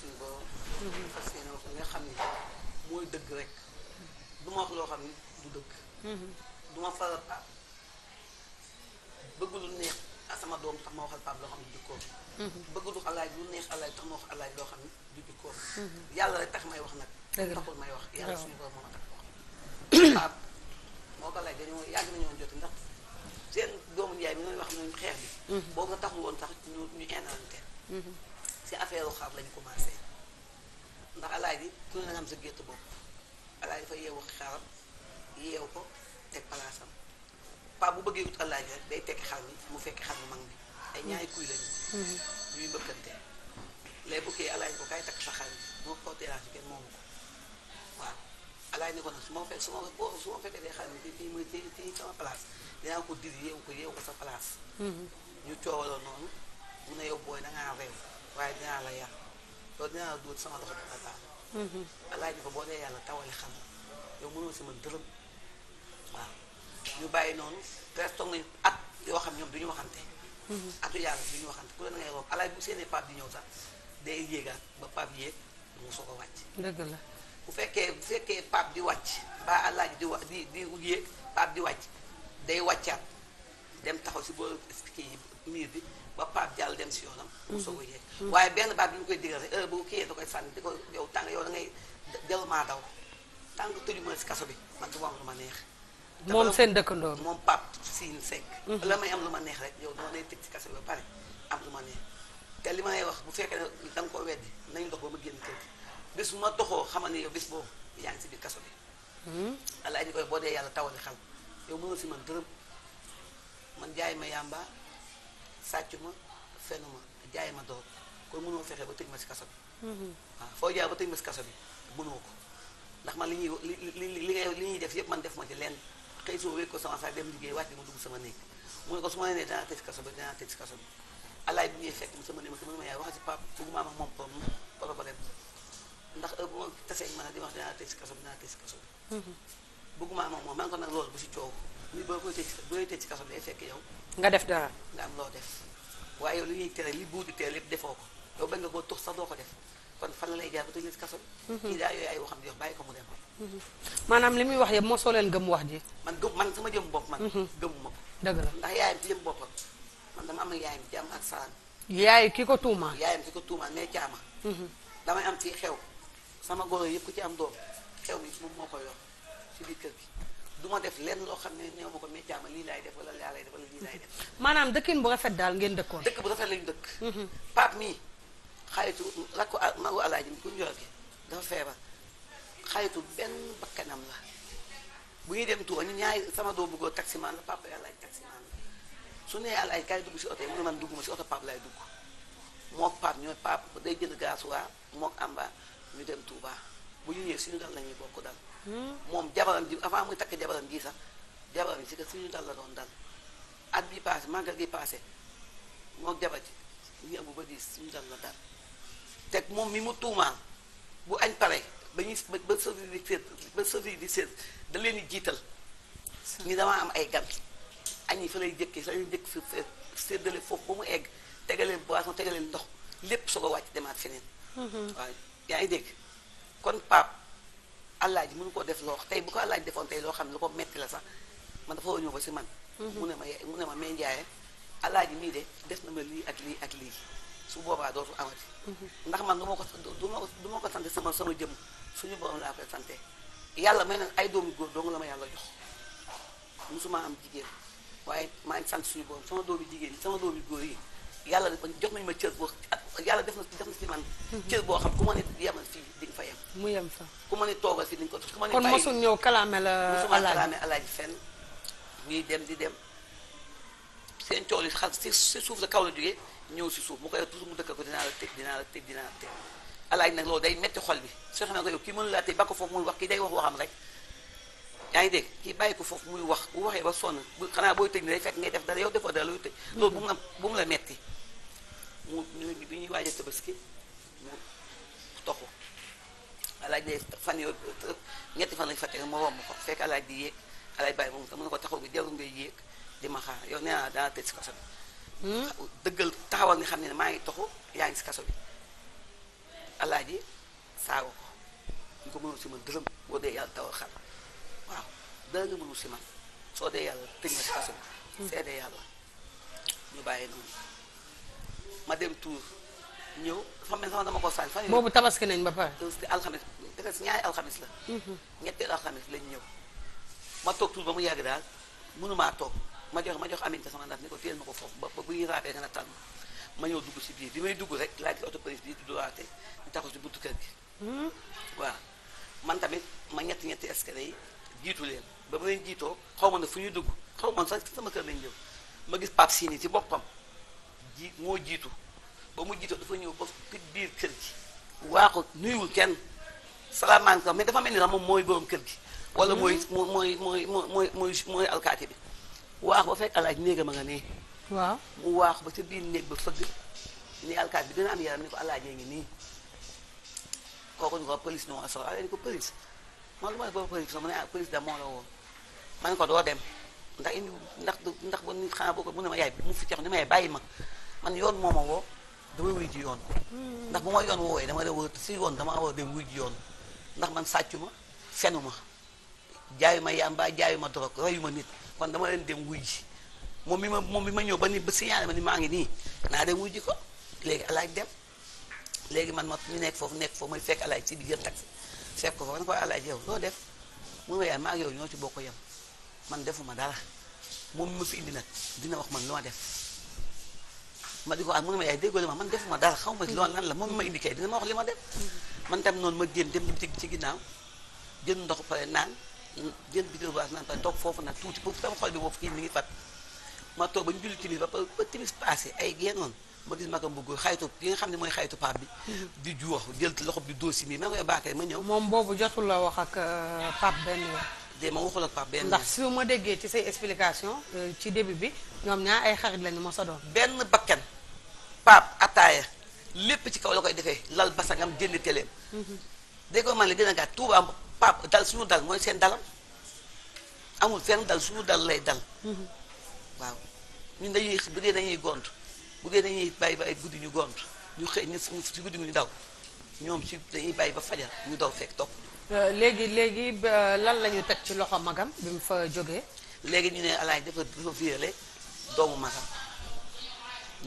suñu borom. fas yéene wax li nga xam ne mooy dëgg rek duma ma wax loo xam ne du dëgg. du ma faral Pape bëgg lu neex sama doom tax ma waxal Pape loo xam ne du jikkoom. bëgg du alaay lu neex alaay tax ma wax alaay loo xam ne du jikkoom. yàlla rek tax may moo ko laaj dañoo yàgg nañoo jot ndax seen doomu njaay mi nooy wax noonu xeex bi. Mm-hmm. boo ko taxul woon sax ñu ñu inalante. Mm-hmm. si affaire u xar lañu commencé ndax alaaji ku ne nga am sa gétt bopp alaaji dafa yeewu xaram yeew ko teg palaasam paa bu bëggee wut alaaji rek day tekki xar mi mu fekki xar mm-hmm. ko kaay takk sa xar mi moo ko kenn moomu ko waaw alaaji ni ko nag su ma fekk su ma fekkee dee xar mi fii fii sama place dinaa ko diri yeewu ko yeewu ko sa place mm-hmm. ñu coowaloo noonu mu ne yow booy dangaa réew waaye dinaa la yar loolu dinaa la dóor sama loxo dina daal. laaj na ko boo dee yàlla tawale xam yow mënoo si man dërëm waaw ñu bàyyi noonu presque toog nañu at yoo xam ñoom du ñu waxante. Mhm. atu yàlla du waxante ku la ngay room alaaj bu seenee pape di ñëw sax day yéegaat ba pape yéeg mu soo a wàcc. dëgg la bu fekkee bu fekkee pape di wàcc ba alaaj di wa di di yéeg di wàcc day wàccaat. taxaw si boo kii miir bi ba Pape Diallo dem si yoonam. mu mm-hmm. soog a yegg mm-hmm. waaye benn baat bi ñu koy digal rek heure bu kii yee da koy sànni di ko yow tàng yow da dellu maa daw tàng tëju si kaso bi man du ma am lu ma neex. moom seen dëkkandoo moom Pape mm-hmm. la am lu ma neex rek yow dama lay tëj si kaso bi ba pare ma neex te li ma lay wax bu fekkee ne da nga ko weddi nañ dox ba ma génn kër gi bis ma doxoo xamal ne yow bis boobu yaa ngi si biir kaso bi. alaaji koy boo dee yàlla tawali xel yow mënul si man dërëm. man jaay ma yàmba sàcc ma fenu ma jaay ma doog kon mënoo fexe ba tëj ma si kaso bi mhm. waaw foo jaay ba tëj kaso bi mënoo ko ndax man li ñuy li li li ngay li ñuy def yëpp man def ma ci lenn xëy soo wéeg ko sama sax dem liggéey wàcc ma dugg sama néeg mu ko su ma nee danaa tëj si kaso bi danaa tëj si kaso bi alaay bi ma sama yaay wax si pap bëgguma am ak moom problème problème ndax bu ma tasee man di wax danaa tëj si kaso bi danaa tëj si kaso bi mhm. bëgguma am ak moom maa ngi ko nag loolu bu si coow nit boo koy tëj booy tëj ci kaso day fekk yow. nga def dara. nga am loo def waaye yow li ñuy tere li buur di tere lépp defoo ko yow bañ nga koo tux sax doo ko def kon fan lay jaar ba tëj la ci kaso bi. Mhm. kii daal yooyu ay waxam di wax bàyyi ko mu dem. Mhm. maanaam li muy wax yëpp mosoo leen gëm wax ji. man gëm man sama jëm bopp man. Mhm. gëmuma ko. dëgg la ndax yaayam ci jëm boppam man dama am yaayam jàmm ak salaam. yaay ki ko tuumaal. yaayam ki ko tuumaal mais caama. damay am fii xew sama goro yëpp ku ci am doom xew bi moom moo koy yor ci biir kër gi du ma def lenn loo xam ne ñoo ma ko méccaama lii laay lay def wala lii laay def maanaam dëkkin bu rafet daal ngeen dëkkoon dëkk bu rafet lañu dëkk mm-hmm. pape mii xayitu rakku magu alaaji bu njorge dafa feebar xayitu benn bakkanam la bu ñuy dem tuuba ñu ñaari sama doo bëggoo taximaan la pape alaaji la su nee alaaji kaay dugg si oto dugg si oto pape dugg mook pape ñooy pape day jël gaasuwaar mook amba ñu dem tuuba bu ñu ñëwee ñu dal lañuy bokk dal moom jabaram ji avant muy takk jabaram ji sax jabaram si que suñu dal la doon dal at bi passé màggal gi passé moo jabar ji ñu ba diis suñu dal la dal teg moom mi mu tuumaal bu añ pare ba ñuy ba sëfi di seet ba sëfi di seet da leen di jiital ñu damaa am ay gan añ yi fa lay jëkkee fa lay jëkk fi séddale foofu ba mu egg tegaleen boisson tegaleen ndox lépp soo ko wàcc demaat feneen mm-hmm. waaw yaa ngi dégg kon pap àllaaji mënu ko def loo tey bu ko àllaaji defoon tey loo xam ne lu ko metti la sax man dafa ñëw ba si man mhm. mu ne ma mu ne ma mais Ndiaye àllaaji mii de def na ma lii ak lii ak lii su boobaa dootu amati mhm. ndax man du ma ko du ma du ma ko sant sama sama jëm suñu borom laa koy sante yàlla may na ay doomu góor dong la ma yàlla jox musuma am jigéen waaye maa ngi sant suñu borom sama doomu jigéen yi sama doomu góor yi yàlla jox nañu ma cër yàlla def na def na si man cër boo xam ku ma ne yemal fii di nga fa yem mu yem fa ku ma ne toogal si di ko ku ma ne kon mosul ñëw kalaame la mosuma kalaame alaaji dem di dem seen tool yi xam si si suuf la kaw la jógee ñëw si suuf mu koy mu dëkkal ko dinaa dinaa la teg dinaa la teg alaaji nag loolu day metti xol bi soo xamee ko yow kii mënu laa tey ba ko foofu muy wax kii day wax waxam rek yaa ngi dégg kii bàyyi ko foofu muy wax bu waxee ba sonn xanaa booy tëj ni day fekk ngay def dara yow defoo dara looy loolu bu mu la bu mu la metti mu bi ñuy waaj a tabaski mu toxu alaaj ne fan yoo ñetti fan lañu fa teg ma wom ko fekk alaaj di yéeg alaaj bàyyi moom mu ne ko taxaw bi dellu ngay yéeg di ma xaar yow nee naa tëj si kaso bi hmm? dëggal taxawal ni xam ne maa ngi toxu yaa ngi si kaso bi alaaj yi saago ko ñu ko mënul si man dërëm boo dee yàlla tawal xar waaw dara nga mënul si man soo dee yàlla tëj na si kaso bi hmm. seedee yàlla ñu bàyyi noonu ma dem Tours ñëw dafa mel sama dama ko sànni fan boobu tabaski nañ ba pare alxamis daka si ñaari alxamis la mhm. ñetteel alxamis lañ ñëw ma toog Tours ba mu yàgg daal mënumaa toog ma jox ma jox Aminta sama ndax ni ko téel ma ko foofu ba bu ñuy raabee nga na tànn ma ñëw dugg si biir bi may dugg rek laa gis auto police bi di doraate ñu taxaw si buntu kër gi hmm? waaw man tamit ma ñetti ñetti escalier yi jiitu leen ba ma leen jiitoo xaw ma ne fu ñuy dugg xaw ma sax sama kër lañ ñëw ma gis Pape Sini ci boppam ji moo jiitu ba mu jiitu dafa ñëw ba ci biir kër gi waa ko nuyul kenn salaamaaleykum mais dafa mel ni sax moom mooy borom kër gi wala mooy mooy mooy mooy mooy mooy alkaati bi waax ba a nga nee waaw mu waax ba ca biir néeg ba fëgg ni bi dina am yaram ni ko ngi nii ko police no so ko police man lu ma ah def ba moo la woon ma ko doo dem ndax indi ndax ndax ba nit xanaa boo ko mu ne ma yaay mu fi tex ni ma bàyyi ma man yoon moom ma woo damay wuy yoon ndax bu ma yoon woowee dama de wër si yoon damaa war a dem yoon ndax man sàccu ma fenu ma jaayu ma yàmba jaayu ma dorog reyu ma nit kon dama leen dem wuy ji moom mi ma moom bi ma ñëw ba ni ba signalé ma ni maa ngi nii naa dem wuy ko léegi alaaj dem léegi man ma ñu nekk foofu nekk foofu may fekk alaaj si di jël taxi fekk ko fa man koy alaaj yow loo def mun ma yaay maa ngi yow ñoo ci bokk yem man defuma dara moom mi ma fi indi nag dina wax man lu ma def ma di ko ah mu ne ma yaay eh, déggoo ma man defuma dara xaw ma loolu lan la moom ma indi kay dina ma wax li ma def man tam noonu ma génn dem ci ci ginnaaw jën ndox pare naan jën bidéo baas naan pare toog foofu nag tuuti boobu sama xol bi boobu mi ngi fat ma toog ba ñu julli timis ay génnoon ma gis magam bu ki nga xam ne mooy xaytu paap bi di juwax jël loxo bi doosi mi ma koy eh, baakay ma ñëw moom boobu jotul la wax ak euh, paap benn yoon de ma waxul ak paap benn ndax su ma déggee ci say explication euh, ci début bi ñoom ñaa ay xarit lañu mos sa doon. benn bakkan paap ataaya lépp ci kaw la koy defee lal basangam génn téléem. de nga man li gën a gàtt tuuba paap dal suñu dal mooy seen dalam amul dal suñu dal lay dal. Mhm. waaw ñun dañuy bu dañuy gont bu dee dañuy bàyyi ba ay guddi ñu gont ñu xëy ñu si guddi ñu daw ñoom si dañuy bàyyi ba fajar ñu daw fekk topp. Euh, léegi léegi lan la ñu teg ci loxo magam bi mu fa jógee. léegi ñu ne alaay dafa dafa violé doomu magam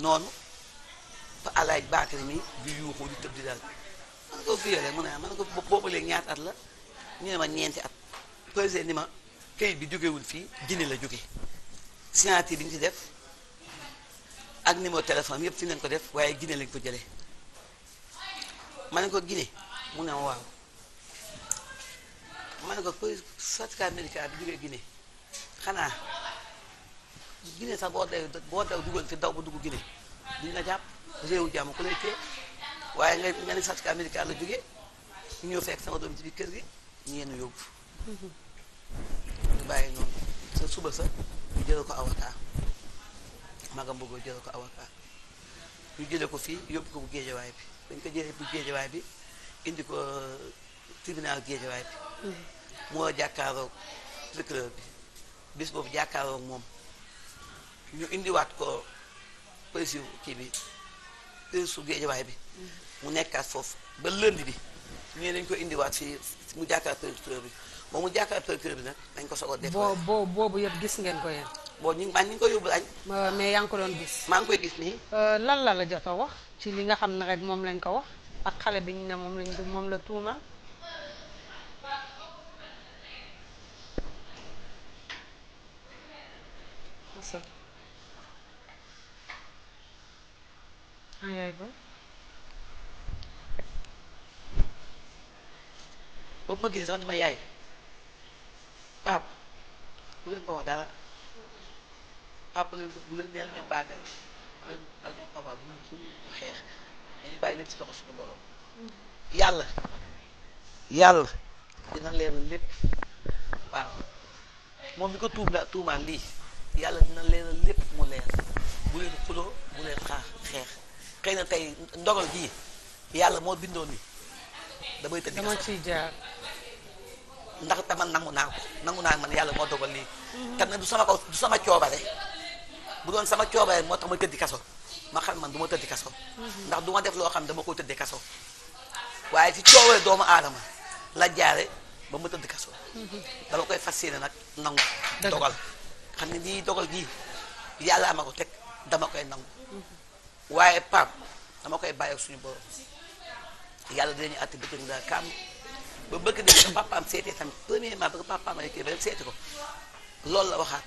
noonu fa ay baakari mi di yuuxu di tëb di daal man ko violé mu ne man ko boobu léegi ñaata at la ñu ne ma ñeenti at président ni ma këyit bi jógewul fii Guinée la jóge signature bi ñu ci def ak numéro téléphone yëpp fi nañ ko def waaye Guinée lañ ko jële ma ne ko Guinée mu ne ma waaw ma ne ko certificat médical bi jógee Guinée xanaa gine sax boo dee boo daw dugal fi daw ba dugg Guinée duñ la jàpp réewu jàmm ku lay waaye nga nga ne certificat américain la jógee ñu ñëw fekk sama doom ci kër gi ñu yenn yóbbu ñu bàyyi suba sa ñu ko avocat magam bëggoo jële ko avocat jële ko fii yóbbu ko bu géejawaay bi dañ ko jële bu géejawaay bi indi ko euh, tribunal géejawaay bi mm-hmm. moo jàkkaaroog procureur bi bis boobu jàkkaaroog moom ñu indiwaat ko police kii bi police Guédiawaye bi mu nekkaat foofu ba lundi bi ñu ne dañ ko indiwaat si mu jàkkaar producteur bi ba mu jàkkaar producteur bi nag dañ ko soog a def boo boobu yëpp gis ngeen ko yéen bon ñu man ñu ko yóbbu añ mais yaa ngi ko doon gis maa ngi koy gis nii euh, lan la la jot a wax ci li nga xam ne moom lañ ko wax ak xale bi ñu ne moom lañ moom la tuuma So. Ay ayva. boobu ma gis sax ni ma yaay pap bu leen ko wax dara pap bu leen neex ngeen baagal ak ak papa bu ñu xeex dañuy bàyyi leen ci loxo suñu borom yàlla yàlla dina leeral lépp waaw moom mi ko tuub la tuumaan lii yàlla dina leeral lépp mu leer bu leen xuloo bu leen xaax xeex xëy na tey ndogal gii yàlla moo bindoon ni damay tëdd dama ciy jaar ndax dama nangu naa ko nangu naa man yàlla moo dogal lii mhm. te nag du sama kaw du sama coobare bu doon sama coobare moo tax ma tëddi kaso ma xam man du ma tëddi kaso mhm. ndax ma def loo xam dama ko tëddi kaso waaye ci coobare doomu aadama la jaare ba ma tëdd kaso mhm. dama koy fas yéene nag nangu dogal xam ne nii dogal gii yàllaa ma ko teg dama koy nangu waaye pap dama koy bàyyi suñu borom yàlla dinañu àtt bëccëg mu ba bëgg de ba papaam seetee tamit ko loolu la waxaat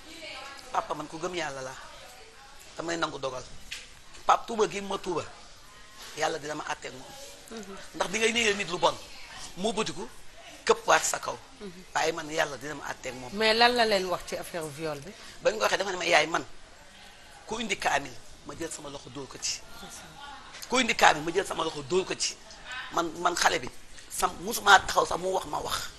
papa man ku gëm yàlla laa damay nangu dogal pap tuuba gi ma tuuba yàlla dina ma àtteeg moom mm-hmm. ndax bi ngay néegee nit lu bon mu bëtiku këpp waat sa kaw mm-hmm. waaye man yàlla dina ma àtteeg moom mais lan la leen wax ci affaire viol bi bañ ko waxee dafa ne ma yaay man ku indi kaamil ma jël sama loxo dóor ko ci kuy indi ma jël sama loxo dóor ko ci man man xale bi sam musuma taxaw sax mu wax ma wax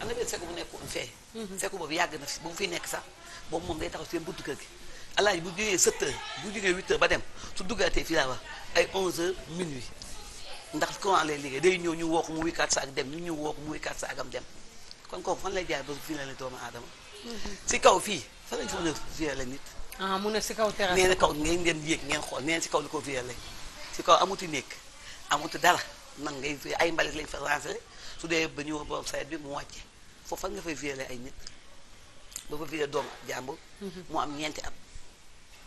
am na benn sekku bu nekkoon fee mhm. sekku boobu yàgg na fi ba mu fiy nekk sax boobu moom day taxaw seen buntu kër gi alaaji bu jógee 7 heures bu jógee 8 heures ba dem su duggaatee fii laa wax ay 11 heures ndax comment lay liggéey day ñëw ñu woo ko mu wikkaat saag dem ñu ñëw woo ko mu wikkaat saagam dem kon kooku fan lay jaar ba fii la ne doomu aadama mhm. si kaw fii fan lañ fa mën a fii la nit ah mu ne si kaw terrasse nee kaw ngeen ngeen yéeg ngeen xool nee si kaw li ko virale si kaw amuti néeg amuti dara nan ngay ay mbalit lañ fa rangé su dee ba ñu borom sayet bi mu wàcce foofu fan nga fay virale ay nit ba fa viré doom jàmbur mhm. mu am ñeenti at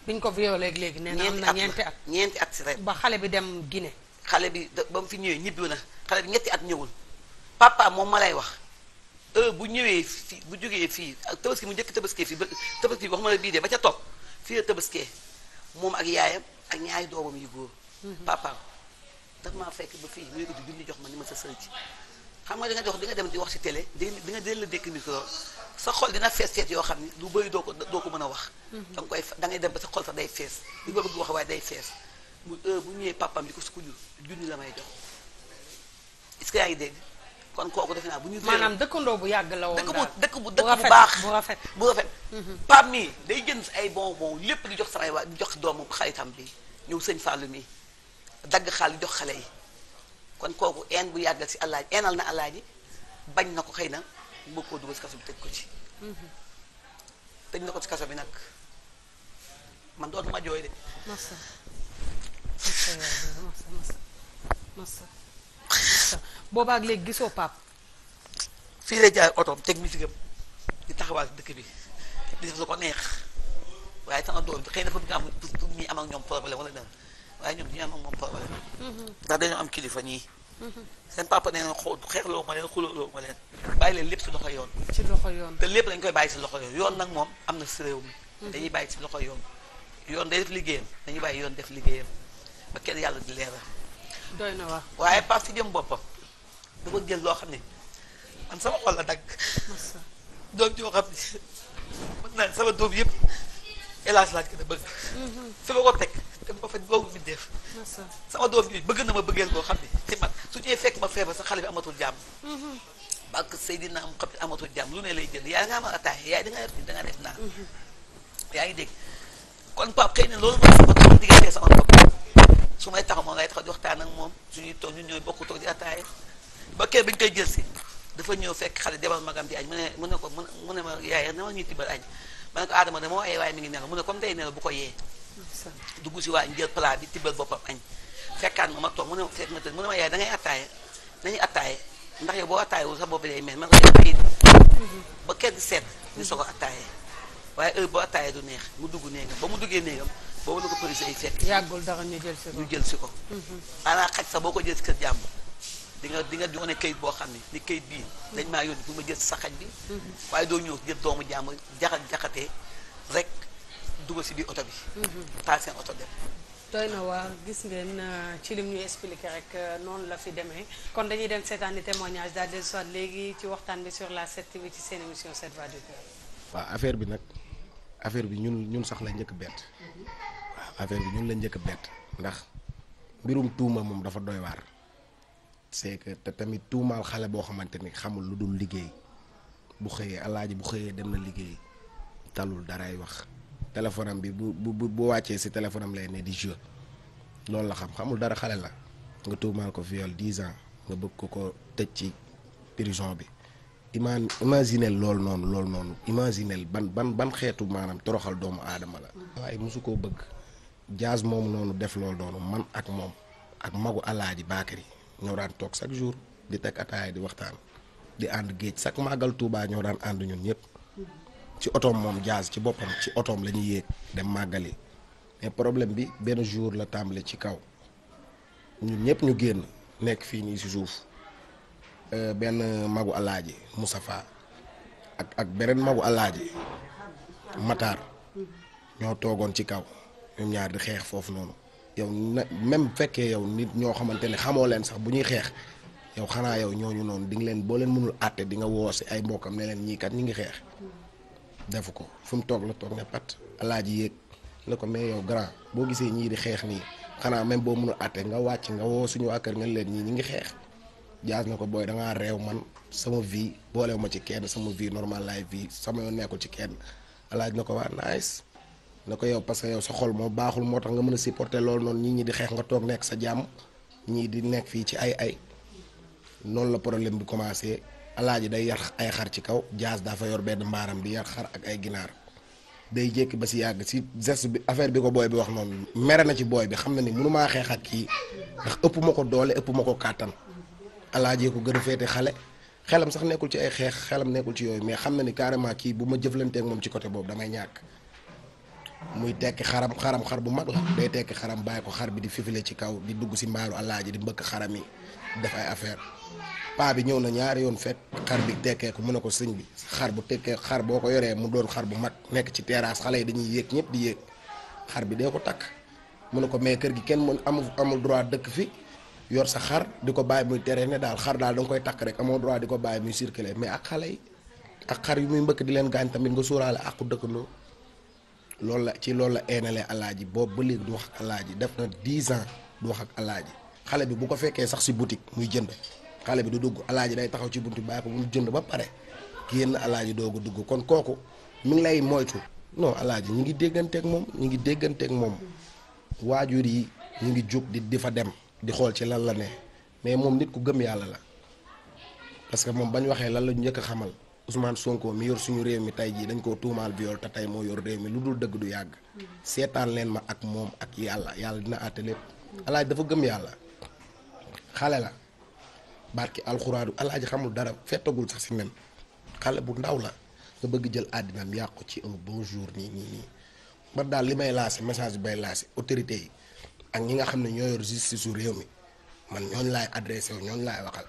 biñ ko viré léegi léegi nee na am na ñeenti at ñeenti at si rek ba xale bi dem Guinée xale bi ba mu fi ñëwee ñibbi na xale bi ñetti at ñëwul papa moom ma lay wax heure bu ñëwee fii bu jógee fii ak tabaski mu njëkk tabaski fii ba wax ma a bii dee ba ca topp fii la tabaskee moom ak yaayam ak ñaari doomam yu góor mhm. papaam daf maa fekk ba fii mu yëkkati junni jox ma ni ma sa sëy xam nga di nga dox di dem di wax ci télé di di nga dell la dékk micro sa xol dina fees seet yoo xam ni lu bëri doo ko doo ko mën a wax mhm. da nga koy da ngay dem ba sa xol sax day fees li nga bëgg wax waaye day fees bu heure bu ñëwee papaam di ko si sukkandiku junni la may jox est-ce yaa ngi dégg kon kooku defe naa bu ñu. maanaam dëkkandoo bu yàgg la woon dëkk bu dëkk bu dëkk bu baax bu rafet bu rafet. Mhm. Pape mii day jënd ay bonbon lépp di jox sa waa di jox doomu xaritam bi ñëw sëñ Fallou mii dagg xaalis jox xale yi kon kooku een bu yàggal si alaaji eenal na alaaji bañ na ko xëy na mbëgg koo dugal si kaso bi tëj ko ci. Mhm. tëj na ko ci kaso bi nag man dootuma jooy de. boobaak léegi gisoo pap fii lay jaay otoom teg musique am di taxawaal dëkk bi di def lu ko neex waaye sama doom xëy na fa nga am am ñoom problème wala dara waaye ñoom ñi am mhm. am kilifa ñii mhm. seen papa nee ma leen xulóoloo ma leen bàyyi leen lépp si loxo yoon ci loxo yoon te lépp dañ koy bàyyi si loxo yoon yoon nag moom am na si réew mi mhm. dañuy bàyyi si loxo yoon yoon day def liggéeyam dañuy bàyyi yoon def liggéeyam ba kenn yàlla di leeral doy na wax waaye pap si jëm boppam dama gis loo xam ne man sama xol la dagg doom joo xam ne sama doom yëpp hélas laaj ko ne boobu mi def sama doom bi bëgg na ma bëggeel koo xam ne ci man su ñëwee fekk ma feebar sa xale bi amatul jàmm barke Seydina am xam ne amatul jàmm lu ne lay jënd yaa nga ma ataay yaay da nga def da nga def naa yaa ngi dégg kon pap xëy na loolu mooy ma tool diggante sama bopp su may taxaw moom lay taxaw di waxtaan ak moom suñuy toog ñun ñooy bokk ba kër bi ñu koy jël si dafa ñëw fekk xale demal magam di añ mu ne mu ne ko mu ne ma yaay na ma ñuy tibbal añ ma ne ko aadama dama ay waaye mi ngi nelaw mu ne comme day nelaw bu ko yee dugg si waa ñu jël plat bi tibbal boppam añ fekkaan ma ma toog mu ne ma tëdd mu ne ma yaay da ngay attaaye nañu ndax yow boo attaayewul sa bopp day mel man ko yit ba kër seet ni soo ko attaaye waaye heure boo du neex mu dugg néegam ba mu duggee néegam boobu la ko police ay fekk yàggul dara ñu jël ko ñu jël si ko mhm. xanaa xaj sax boo ko jël si kër jàmbur di nga di nga wane kayit boo xam ne ni kayit bii dañ maa yónni pour ma jël sa xaj bi waaye doo ñëw jël doomu jàmm jaxat jaxatee rek dugal si biir oto bi taal seen oto dem doy na waar gis ngeen euh, ci lim ñu expliqué rek euh, noonu la fi demee kon dañuy dem seetaani témoignage daal de soit léegi ci waxtaan bi sur la 7TV ci seen émission 7 voix du cœur waaw affaire bi nag affaire bi ñun ñun sax la njëkk bett mhm. waaw affaire bi ñun la njëkk bett ndax mbirum tuuma moom dafa doy waar c'est que te tamit tuumaal xale boo xamante ni xamul lu dul liggéey bu xëyee alaaji bu xëyee dem na liggéey talul daray wax téléphone bi bu bu bu wàccee si téléphone am lay ne di jeu loolu la xam xamul dara xale la nga tuumaal ko viol dix ans nga bëgg ko ko tëj ci prison bi imaan imaginel loolu noonu lool noonu imaginel ban ban ban xeetu maanaam toroxal doomu aadama la waaye mosu koo bëgg jaas moom noonu def loolu noonu man ak moom ak magu alaaji yi ñoo daan toog chaque jour di teg ataaya di waxtaan di ànd géej chaque màggal Touba ñoo daan ànd ñun ñëpp ci otoom moom jaaz ci boppam ci otoom la ñuy yéeg dem màggali mais problème bi benn jour la tàmbale ci kaw ñun ñëpp ñu génn nekk fii nii si suuf euh, benn magu alaaji Moustapha ak ak beneen magu alaaji Matar ñoo toogoon ci kaw ñoom ñaar di xeex foofu noonu. yow na même fekkee yow nit ñoo xamante ne xamoo leen sax bu ñuy xeex yow xanaa yow ñooñu noonu di nga leen boo leen mënul àtte di nga woo si ay mbokkam ne leen ñii kat ñi ngi xeex defu ko fu mu toog la toog ne pat alaaji yéeg ne ko mais yow grand boo gisee ñii di xeex nii xanaa même boo mënul àtte nga wàcc nga woo suñu waa kër nga leen ñii ñi ngi xeex jaas na ko booy dangaa réew man sama vie boolew ma ci kenn sama vie normal laay vie sama yoon nekkul ci kenn alaaji na ko waa nice na ko yow parce que sa xol moo baaxul moo tax nga mën a supporter loolu noonu ñii ñi di xeex nga toog nekk sa jàmm ñii di nekk fii ci ay ay noonu la problème bi commencé alaaji day yar ay xar ci kaw jaas dafa yor benn mbaaram bi yar xar ak ay ginaar day jékki ba si yàgg si geste bi affaire bi ko booy bi wax noonu mere na ci booy bi xam na ni mënumaa xeex ak kii ndax ëpp ma ko doole ëpp ma ko kàttan alaaji ko gën a féete xale xelam sax nekkul ci a xeex xelam nekkul ci yooyu mais xam na ni carrément kii bu ma jëflanteek moom ci côté boobu damay ñàkk muy tekki xaram xaram xar bu mag la day tekki xaram bàyyi ko xar bi di fifile ci kaw di dugg si mbaaru àllaaji di mbëkk xaram yi def ay affaire paa bi ñëw na ñaari yoon fekk xar bi tekkee ko mu ne ko sëñ bi xar bu tekkee xar boo ko yoree mu doon xar bu mag nekk ci terrasse xale yi dañuy yéeg ñëpp di yéeg xar bi dee ko takk mu ne ko mais kër gi kenn mën amul amul droit dëkk fi yor sa xar di ko bàyyi muy tere ne daal xar daal da nga koy takk rek amoo droit di ko bàyyi muy circuler mais ak xale yi ak xar yu muy mbëkk di leen gaañ tamit nga suuraale àqu dëkkandoo loolu la ci loolu la eenalee alaaji boobu ba léegi du wax ak alaaji def na dix ans du wax ak alaaji xale bi bu ko fekkee sax si boutique muy jënd xale bi du dugg alaaji day taxaw ci buntu bàyyi ko mu jënd ba pare génn alaaji doogu dugg kon kooku mu ngi lay moytu non alaaji ñu ngi déggante dégganteeg moom ñu ngi déggante ak moom waajur yi ñu ngi jóg di di fa dem di xool ci lan la ne mais moom nit ku gëm yàlla la parce que moom bañ waxee lan la ñu njëkk a xamal. Ousmane Sonko mi yor suñu réew mi tey jii dañ koo tuumaal viol te moo yor réew mi lu dul dëgg du yàgg seetaan leen ma ak moom ak yàlla yàlla dina àtte lépp alaaji dafa gëm yàlla xale la barki alxuraadu alaaji xamul dara fettagul sax si nen xale bu ndaw la nga bëgg jël àddina àddinaam yàqu ci un bon jour nii nii nii daal li may laase message bi bay laase autorité yi ak ñi nga xam ne ñoo yor si su réew mi man ñooñu laay adressé ñooñ ñooñu waxal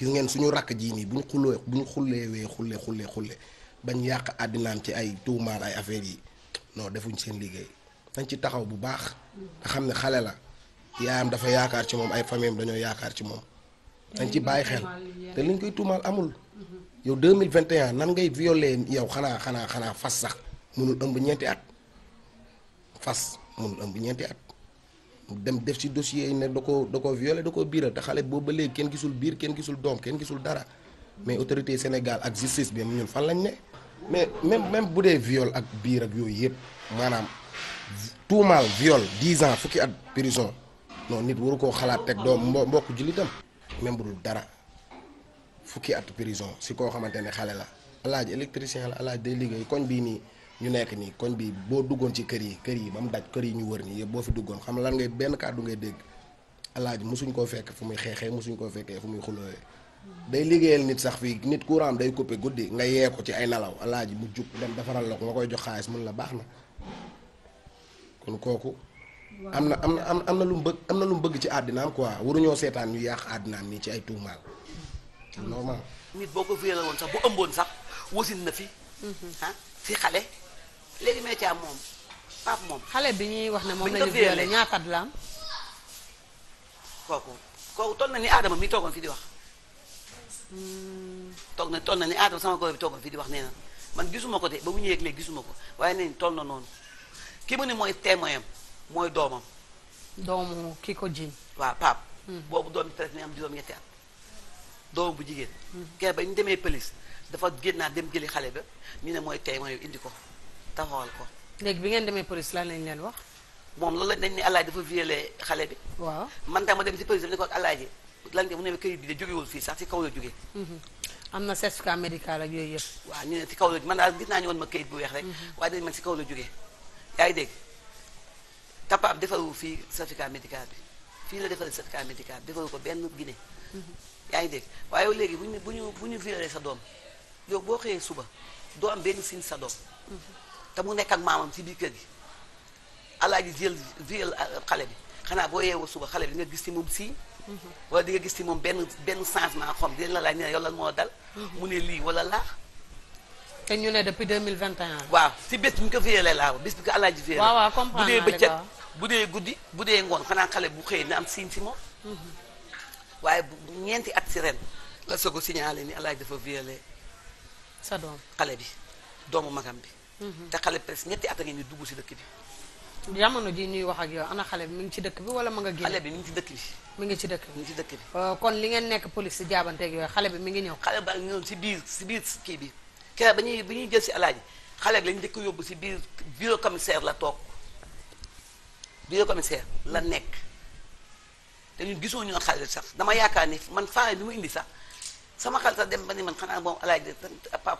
gis ngeen suñu rakk jii nii bu ñu xulee bu ñu xulleewee xulle xulle xulle bañ yàq àddinaam ci ay tuumaal ay affaires yi noo defuñ seen liggéey dañ ci taxaw bu baax nga xam ne xale la yaayam dafa yaakaar ci moom ay famille dañoo yaakaar ci moom dañ ci bàyyi xel te liñ koy tuumaal amul yow 2021 nan ngay violé yow xanaa xanaa xanaa fas sax mënul ëmb ñeenti at fas mënul ëmb ñeenti at dem def ci dossier yi ne da koo da koo violé da koo biiral te xale boobu léegi kenn gisul biir kenn gisul doom kenn gisul dara mais autorité Sénégal ak justice bi ñun fan lañ ne mais même même bu dee viole ak biir ak yooyu yëpp maanaam tuumaal viole dix ans fukki at prison non nit waru koo xalaat teg doom mbo mbokk jullitam même bu dul dara fukki at prison si koo xamante ne xale la alaaj électricien alaaj day liggéey koñ bii nii ñu nekk nii koñ bi boo duggoon ci kër yi kër yi ba mu daj kër yi ñu wër nii yëpp boo fi duggoon xam lan ngay benn kàddu ngay dégg alaaji mosuñ koo fekk fu muy xeexee mosuñ koo fekkee fu muy xulooyee day liggéeyal nit sax fii nit courant day coupé guddi nga yee ko ci ay nalaw alaaji mu jug dem defaral la ko nga koy jox xaalis mun la baax na kon kooku am na am na am am na lu mu bëgg am na lu mu bëgg ci àddinaam quoi waruñoo seetaan ñu yàq àddinaam nii ci ay tuumaal normal sax bu na fi mm-hmm. ah xale léegi mee ca moom paap moom xale bi ñuy wax ne moom lañu violé ñaata at la am kooku kooku toll na ni aadama mi toogoon fi di wax hmm. toog na toll na ni aadama sama góor bi toogoon fi di wax nee na man gisuma ko de ba mu ñëwee léegi gisuma ko waaye nee toll na noonu ki mu ne mooy témoin mooy doomam doomu ki ko jiñ waa paap hmm. boobu doom bi presque mi am juróom-ñetti at doom bu jigéen hmm. kee ba ñu demee pëlis dafa génn naa dem jëli xale ba ñu ne mooy témoin indi ko te ko. léegi bi ngeen demee police lan lañ leen wax. moom loolu lañ dañ ne Alaaji dafa violé xale bi. waaw man tam ma dem si police bi ne ko ak Alaaji lan ngeen mu ne kayit bi de jógewul fii sax ci kaw la jógee. Mhm. am na certificat médical ak yooyu yëpp. waaw ñu ne si kaw la man daal gis naa ñu woon ma këyit bu weex rek. Mhm. waaye dañ man si kaw la jógee. yaa ngi dégg tapaab defaru fii certificat médica bi fii la defaree certificat médical bi defaru ko benn Guinée. Mhm. yaa ngi dégg waaye léegi bu ñu bu ñu bu ñu violé sa doom yow boo xëyee suba doo am benn signe sa doom. te mu nekk ak maamam ci biir kër gi alaaji jël jël euh, xale bi xanaa boo yeewoo suba xale bi di nga gis ci moom si mm-hmm. wala di nga gis ci moom benn benn changement xom dinañ laa laaj ne moo dal mm-hmm. mu ne lii wala laa te ñu ne depuis 2021 waaw ci bés bi ñu ko féyalee laa bés bi ko alaaji féyalee waaw bu dee bëccëg bu dee guddi bu dee ngoon xanaa xale bu xëy na am signe ci moom mm-hmm. waaye bu ñeenti ak si ren la soog a signalé ni alaaji dafa féyalee sa doom xale bi doomu magam bi te xale bi presque ñetti at a ngi ni si dëkk bi jamono ji ñuy wax ak yow ana xale bi mi ngi ci dëkk bi wala ma nga génn xale bi mi ngi ci dëkk bi mi ngi ci dëkk bi mi ngi ci dëkk bi euh, kon li ngeen nekk police si jaabanteeg yooyu xale bi mi ngi ñëw xale baa ngi ñëw biir si biir kii bi kere ba ñuy ba ñuy jël si alaaji xale lañ dëkk yóbbu si biir bureau commissaire la toog bureau commissaire la nekk te ñun gisoo ñoon xale sax dama yaakaar ni man faama bi mu indi sax sama xale sax dem ba ni man xanaa moom alaaji de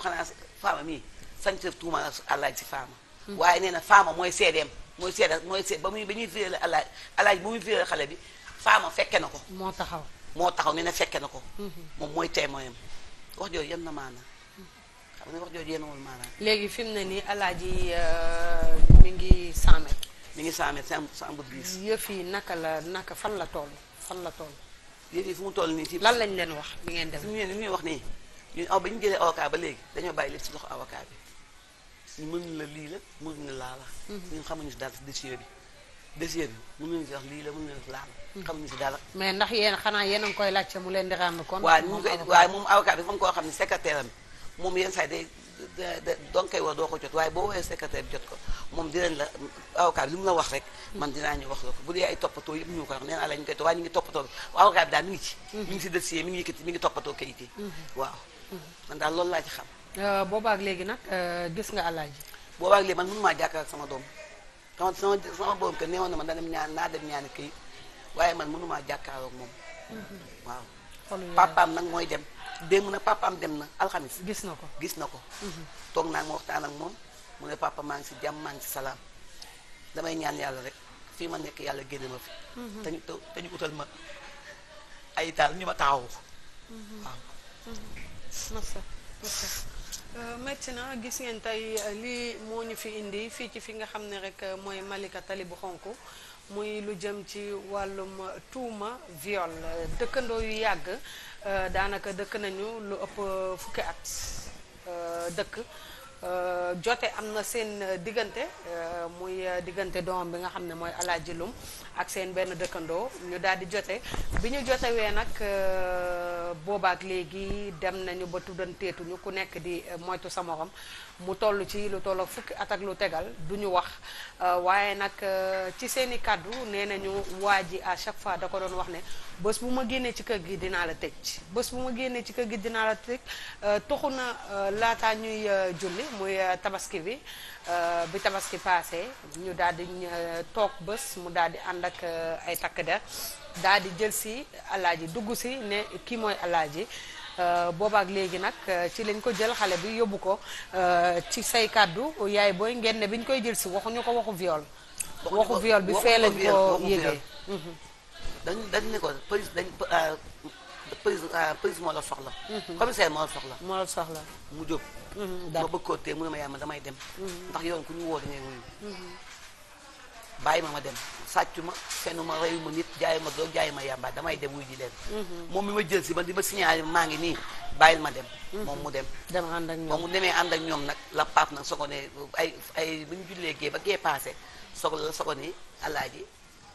xanaa faama mii sañse tuuma alaaj si faama waaye nee na faama mooy seedeem mooy seede mooy seed ba muy ba ñuy firéel alaaj alaaj ba muy xale bi faama fekke na ko moo taxaw moo taxaw nee na fekke na ko mhm. moom mooy témoin wax jooju yem na maanaam xam nga wax jooju yemewul maanaam léegi fi mu ne nii alaaji euh, mu ngi 100 mètres mi ngi 100 mètres sàmbu biis yëf yi naka la naka fan la toll fan la toll yëf yi fu mu toll nii ci lan lañ leen wax bi ngeen def li ñuy wax nii ñun aw ba ñu jëlee avocat ba léegi dañoo bàyyi lépp ci loxo avocat bi mën la lii la mën na laa la mhm. ñun xamuñu si dara si dossier bi dossier bi mën lii la mën nañu laa la mhm. xamuñu si dara a ngi koy laajte mu leen koy waaye moom avocat koo xam ne secrétaire am moom doo ko jot waaye boo woowee secrétaire bi jot ko la mu la wax rek man dinaa ñu wax la ko bu dee ay toppatoo yëpp ñu ko wax nee naa la ñu koy waaye ngi toppatoo mhm. toppatoo kayit yi waaw man daal loolu laa ci xam Euh, boobaak léegi nag euh, gis nga alaaji boobaak léegi man mënu maa jàkkaar ak sama doom sama sama sama borom kër neewoon na ma na dem ñaan naa dem ñaani këy waaye man mënu jàkkaarook jàkkaaroo ak moom mm-hmm. waaw papaam nag mooy dem démb nag papaam dem na alxamis gis na ko gis na ko mm-hmm. toog naa ma waxtaan ak moom mu ne papa maa ngi si jàmm maa ngi si salaam damay ñaan yàlla rek fii ma nekk yàlla génne ma fi mm-hmm. teñu te ñu utal ma ay daal ñu ma taxawu waaw Euh, métti na gis ngeen tey euh, lii moo ñu fi indi fii ci fi nga xam ne rek euh, mooy Malika Tali bu xonk muy lu jëm ci wàllum tuuma viol dëkkandoo yu yàgg daanaka dëkk nañu lu ëpp fukki at dëkk jote am na seen diggante muy diggante doom bi nga xam ne mooy alaaji lum ak seen benn dëkkandoo ñu daal di jote bi ñu jotewee nag euh, boobaak léegi dem nañu ba tuddanteetu ñu ku nekk di euh, moytu sa morom mu toll ci lu toll fukki at ak lu tegal du ñu wax euh, waaye nag ci seen i kàddu nee nañu waa ji à chaque fois da ko doon wax ne bés bu ma génnee ci kër gi dinaa la tëj bés bu ma génnee ci kër gi dinaa la tëj toxu na laata ñuy julli muy tabaski bi Euh, bi tabaski passé ñu daal di euh, toog bés mu daal di ànd ak euh, ay takk der daal di jël si alaaji dugg si ne kii mooy alaaji boobaak léegi nag ci lañ ko jël xale bi yóbbu ko ci say kàddu yaay booy ngeen ne bi ñu koy jël si waxuñu ko waxu viol waxu viol bi fee lañ ko yégee président euh, président moo la soxla. Mhm. commissaire moo la soxla. moo la soxla mu jóg. Mhm, ma bëgg koo téye mu ne ma yaa damay dem. Mhm. ndax yoon ku ñu woo da ngay wuyu. bàyyi ma ma dem sàccu ma fenn ma reyu ma nit jaayu ma doog yàmba damay dem wuy ji leen. moom mi ma jël si man di ma signalé maa ngi nii bàyyil ma dem. moom mu dem. dem ànd ak ñoom moom mu demee ànd ak ñoom nag la paap nag soog ay ay bu ñu jullee gee ba gee paase soog la soog a ne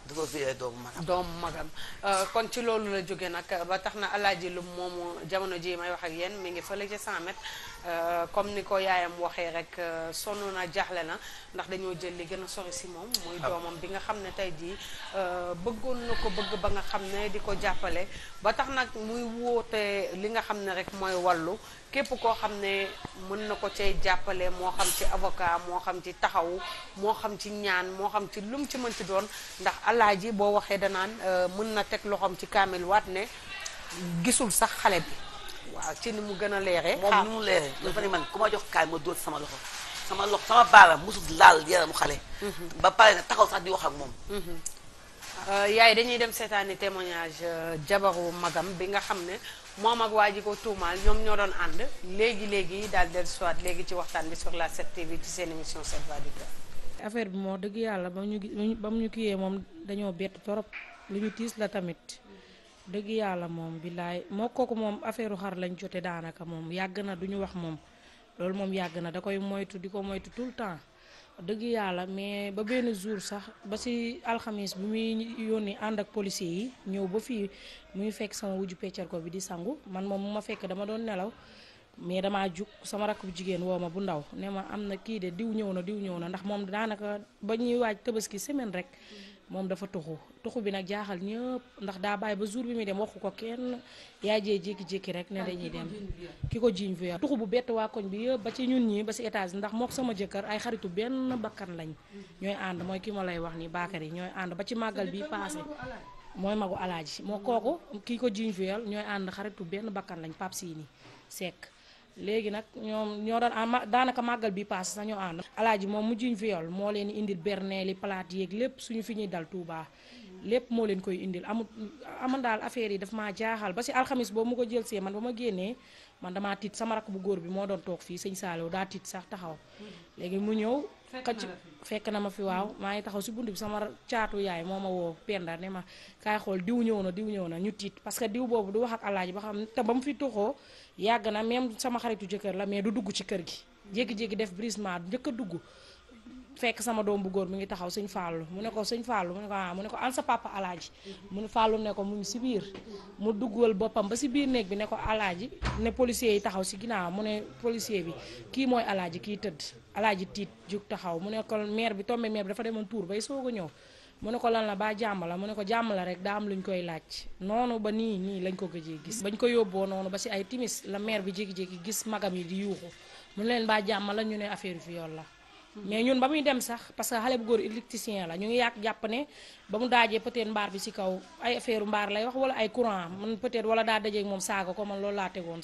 du ko viré doomu magam doomu magam euh, kon ci loolu la jóge nag ba tax na alaaji lu moomu jamono ji may wax ak yéen mi ngi fële ca 100 mètres Euh, comme ni ko yaayam waxee rek euh, sonn na jaaxle na ndax dañoo jël li gën a sori si moom muy ah. doomam bi nga xam ne tey jii euh, bëggoon na ko bëgg ba nga xam ne di ko jàppale ba tax nag muy woote li nga xam ne rek mooy wallu képp koo xam ne mën na ko cay jàppale moo xam ci avocat moo xam ci taxawu moo xam ci ñaan moo xam ci lum ci mën ci doon ndax ji boo waxee danaan mën na teg loxoom ci kaamil waat ne gisul sax xale bi waaw ci ni mu gën a leeree. moom ni mu leeree dafa ne man ku ma jox kaay ma dóor sama loxo sama loxo sama baaraam mosut laal yaramu xale. Mhm. ba pare na taxaw sax di wax ak moom. Mhm. Euh, yaay dañuy dem seetaani témoignage euh, jabaru magam bi nga xam ne moom ak waa ji ko tuumaal ñoom ñoo doon ànd léegi léegi daal del soit léegi ci waxtaan bi sur la 7 bi ci seen émission 7 voix du bi moo dëgg yàlla ba mu ñu ba mu ñu kiyee moom dañoo bett torop lu ñu tiis la tamit. dëgg yàlla moom billaay moo kooku moom affaireu xar lañ jote daanaka moom yàgg na du ñu wax moom loolu moom yàgg na da koy moytu di ko moytu tout le temps dëgg yàlla mais ba benn jour sax ba si alxamis bi muy yónni ànd ak policier yi ñëw ba fii muy fekk sama wujju peccar ko bi di sangu man moom mu ma fekk dama doon nelaw mais dama jug sama rakk bu jigéen woo ma bu ndaw ne ma am na kii de diw ñëw na diw ñëw na ndax moom daanaka ba ñuy waaj tabaski semaine rek. moom dafa tuxu tuxu bi nag jaaxal ñëpp ndax daa bàyyi ba jour bi muy dem waxu ko kenn yaay jee jékki-jékki rek ne dañuy dem ki ko jiiñ viol tuxu bu bett waa koñ bi yëpp ba ci ñun ñi ba ci étage ndax mook sama jëkkër ay xaritu benn bakkan lañ ñooy ànd mooy kii ma lay wax nii baakar yi ñooy ànd ba ci màggal bi passé mooy magu alaaji moo kooku kii ko jiiñ viol ñooy ànd xaritu benn bakkan lañ pap siini sekk léegi nag ñoom ñoo doon daanaka màggal bi paase sax ñoo ànd. alaaji moom mujjuñ fi yol moo leen indil berneel yi palaat yeeg lépp suñu fi ñuy dal tuubaa lépp moo leen koy indil amul aman daal affaire yi daf maa jaaxal ba si alxamis boobu mu ko jël see man ma génnee man damaa tiit sama rakk bu góor bi moo doon toog fii sëñ Saliou daa tiit sax taxaw léegi mu ñëw. xëcc fekk na ma fi waaw maa ngi taxaw si bunt bi sama caatu yaay moo ma woo Penda ne ma kaay xool diw ñëw na diw ñëw na ñu tiit parce que diw boobu du wax ak alaaji ba xam te ba mu fi toxoo yàgg na même sama xaritu jëkkër la mais du dugg ci kër gi jékki-jékki def brisement njëkk a dugg fekk sama doom bu góor mi ngi taxaw sëñ Fallou mu ne ko sëñ Fallou mu ne ko ah mu ne ko an sa papa alaaji mu ne Fallou ne ko mu ngi si biir mu duggal boppam ba si biir néeg bi ne ko alaaji ne policier yi taxaw si ginnaaw mu ne policier bi kii mooy alaaji kii tëdd alaaji tiit jug taxaw mu ne ko maire bi tombé maire bi dafa demoon tuur bay soog a ñëw mu ne ko lan la baa jàmm la mu ne ko jàmm la rek daa am luñ koy laaj noonu ba nii nii lañ ko gëjee gis bañ ko yóbboo noonu ba si ay timis la maire bi jékki-jékki gis magam yi di yuuxu mu ne leen baa jàmm la ñu ne affaire viol la mais ñun ba muy dem sax parce que xale bu góor électricien la ñu ngi yàq jàpp ne ba mu daajee peut-être mbaar bi kaw ay affaire mbaar lay wax wala ay courant man peut-être wala daa dajeeg moom saaga ko man loolu laa tegoon